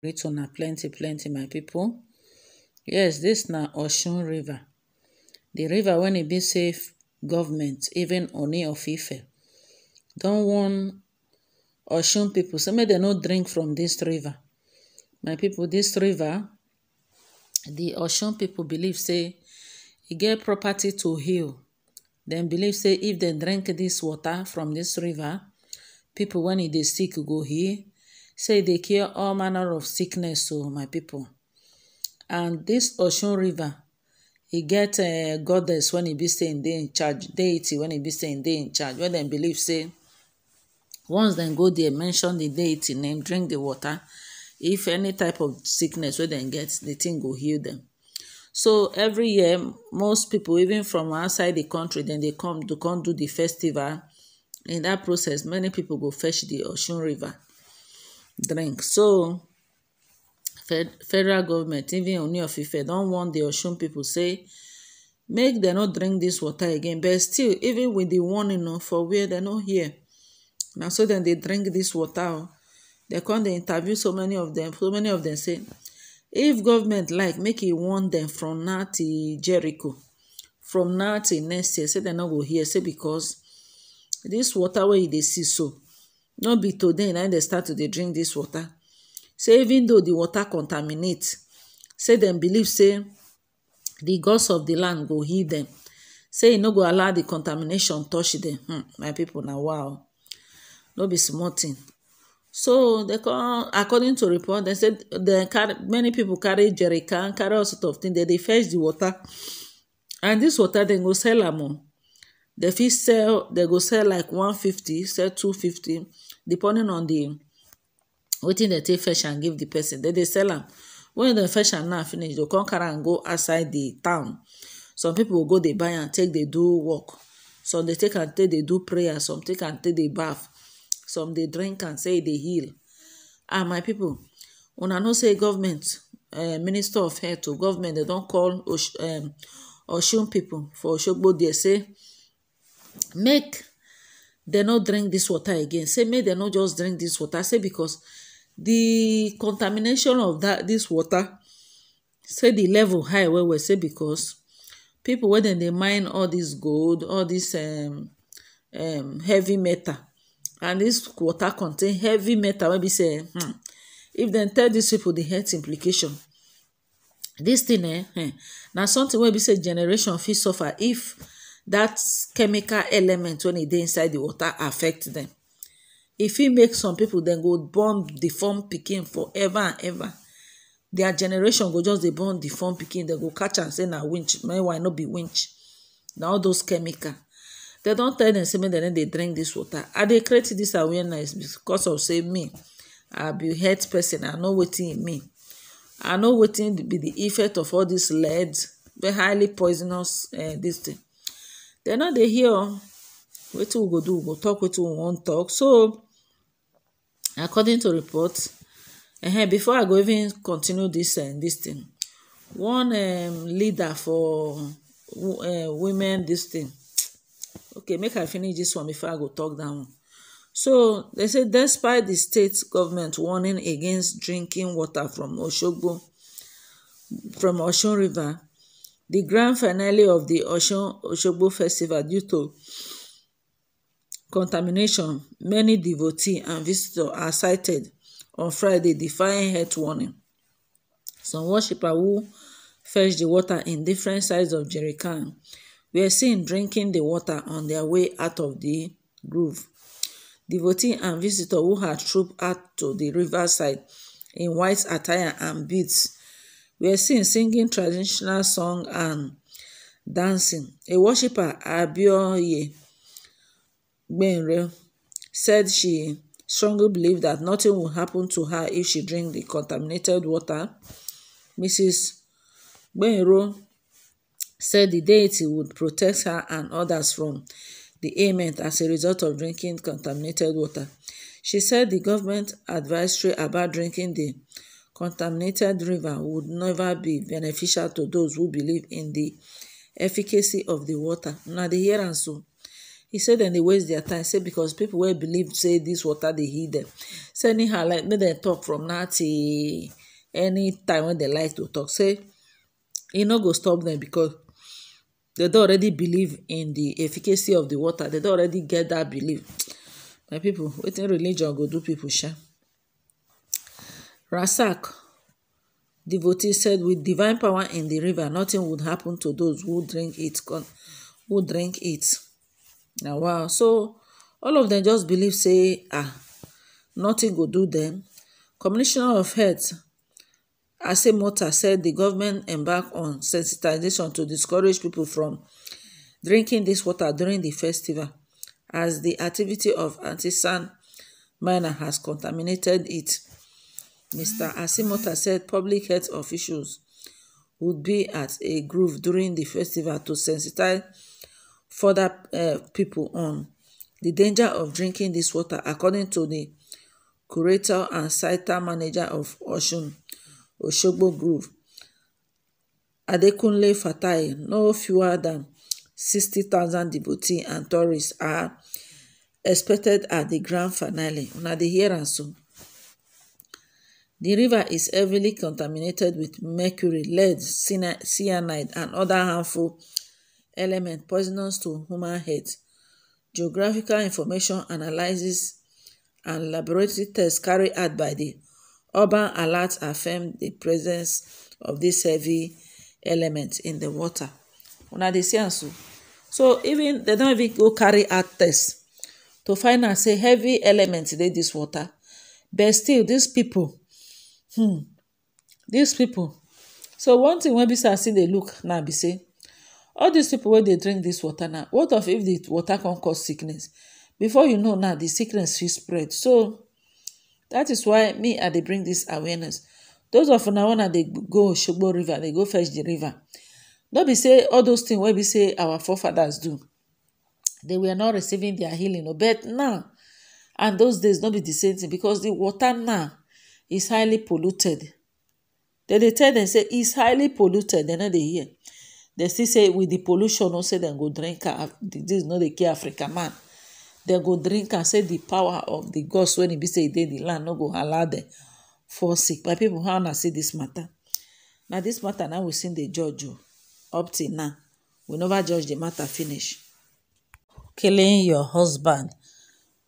Greet una plenty plenty my people. Yes, this na Oshun River. The river when it e be safe, government even Oni of Ife don warn Osun people say make dem no drink from this river. My people, this river the Oshun people believe say e get property to heal dem believe say if dem drink dis water from dis river people wen e dey sick go heal say e dey cure all manner of sickness o my people and dis Oshun river e get eh, goddess wen e be say im e dey in charge deity wen e be say im e dey in charge wey dem believe say once dem go there mention the deity name drink the water if any type of sickness wey dem get the thing go heal them. so every year most people even from outside the country dem dey come to come do the festival in that process many people go fetch the osun river drink so federal government even Ooni of Ife don warn the Osun people say make dem no drink this water again but still even with the warning oh, for where dem no hear na so dem dey drink this water o oh dem come dey interview so many of dem so many of dem say if government like make e warn dem from now till jericho from now till next year say dem no go hear say because this water wey you dey see so no be today na dem start to dey drink this water say even though the water contaminate say dem believe say the gods of the land go heal dem say e no go allow the contamination touch dem hmm my people na wow no be small tin so they come according to report dem say carry many people carry jerry can carry all sort of thing. They dey fetch the water and this water they go sell am o They fit sell they go sell like one fifty, sell two fifty, depending on the, wetin dem take fetch and give the person They dey sell am when dem fetch am now finish They come carry am go outside the town some people go dey buy am take dey do work some dey take am take dey do prayer some take am take dey bath some they drink and say they heal and ah, my people, una know say government eh, minister of health or oh, government They don't call show people for But there say make they no drink this water again say make they no just drink this water say because the contamination of that this water say the level high well well say because people when they mine all this gold all this um heavy metal and this water contain heavy metal wey be say hmm, if dem tell dis people the health implication this thing eh, eh na something wey be say generation fit suffer if that chemical element wey e dey inside the water affect them. e fit make some people dem go born deform pikin forever and ever their generation go just dey born deform pikin dem go catch am say na winch meanwhile no be winch na all those chemical They don tell dem say make dem no dey drink this water i dey create this awareness because of say me i be health person i know wetin e mean i know wetin be the effect of all this lead very highly poisonous Uh, this thing dem no dey hear oh, wetin we go do we go talk wetin we wan talk so according to report before i go even continue this eh, this thing one eh, leader for women This thing okay make i finish this one before i go talk that one so they say despite the state government warning against drinking water from oshogbo from Oshun river the grand finale of the Oshun oshogbo festival due to contamination many devotees and visitors are cited on friday defying health warning some worshippers who fetch the water in different sides of jerrycan were seen drinking the water on their way out of the grove. Devotees and visitors who had trooped out to the riverside in white attire and beads were seen singing traditional song and dancing. A worshipper, Abioye Gbenre, said she strongly believed that nothing would happen to her if she drank the contaminated water. Mrs. Benro. said the deity would protect her and others from the ailment as a result of drinking contaminated water. She said the government advisory about drinking the contaminated river would never be beneficial to those who believe in the efficacy of the water. Now they hear and so. He said and they waste their time. Say because people will believe say this water they hid them. Say anyhow like make them talk from now till any time when they like to talk. Say e no go stop them because they don already believe in the efficacy of the water they don already get that belief my people wetin religion go do people sha rasak devotee said with divine power in the river nothing would happen to those who drink it who drink it na wow so all of them just believe say ah nothing go do them commissioner of health asemota said the government embarked on sensitization to discourage people from drinking this water during the festival as the activity of artisan miner has contaminated it mr Asimota said public health officials would be at a groove during the festival to sensitize further eh, people on the danger of drinking this water according to the curator and site manager of osun osogbo groove adekunle fatai no fewer dan 60000 devotees and tourists are expected at di grand finale una dey hear so di river is heavily contaminated wit mercury lead cyanide and oda harmful elements poisonous to human health geographical information analysis and laboratory tests carry out by di. Urban alert affirm the presence of this heavy element in the water. Una dey see am so. So even they don even go carry out test to find out say heavy element dey this water. But still these people um hmm, dis people so one thing wey be say I still dey look now be say all these people wey dey drink this water now what of if the water come cause sickness? Before you know now the sickness fit spread. So that is why me i dey bring dis awareness those of una una dey go Shogbo river dey go fetch di river no be say all those tin wey be say our forefathers do they were not receiving dia healing but now and those days no be di same tin becos di water now is highly polluted dem dey tell dem say is highly polluted dem no dey hear dem still say with di pollution no say dem go drink ah dis no dey kill africa man. dem go drink am say the power of the gods wey e be say dey the land no go allow dem fall sick my people how una see this matter na this matter na we still dey judge o oh. up till now we never judge the matter finish killing your husband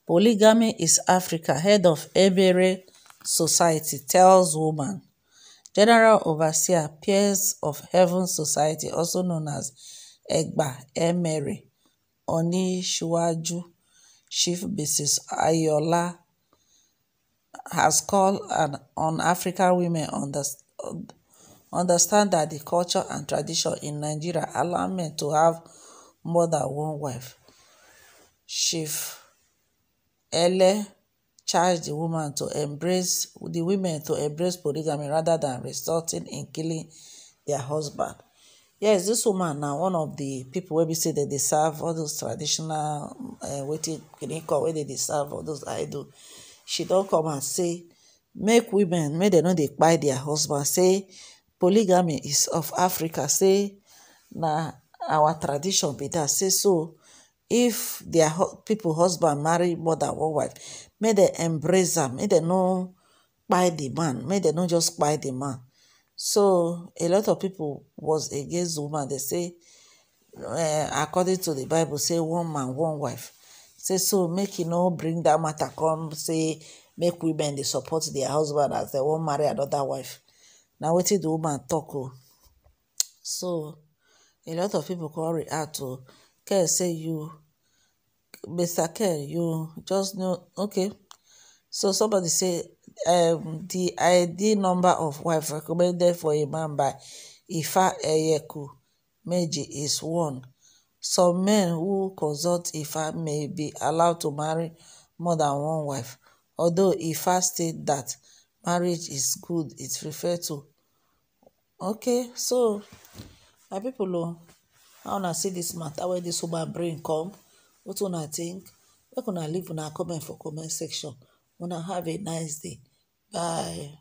polygamy is africa head of ebere society tells woman general overseer peers of heaven society also known as egba emere onishiwaju Chief Mrs. Ayola has called on African women understand, understand that the culture and tradition in Nigeria allow men to have more than one wife. Chief Ele charged the woman to embrace the women to embrace polygamy rather than resulting in killing their husband. Yes, this woman now, one of the people where we say that they serve all those traditional uh, eh, waiting where they serve all those idol. She don't come and say, make women, make they know they buy their husband. Say, polygamy is of Africa. Say, na our tradition be that. Say so. If their people husband marry more than one wife, may they embrace them. May they know buy the man. May they not just buy the man. So a lot of people was against the woman. They say, uh, according to the Bible, say one man, one wife. Say so make you know bring that matter come. Say make women dey support their husband as they wan marry another wife na wetin the woman talk o so a lot of people come react o ken say you mr ken you just know okay so somebody say um, the id number of wife recommended for a man by Ifa Eyeku Meji is one. Some men who consult Ifa may be allowed to marry more than one wife, although Ifa state that marriage is good, it referred to. Okay, so my people, oh, I wanna see this matter where this woman brain come. What una think? Make una leave una comment for comment section. Una have a nice day. Bye.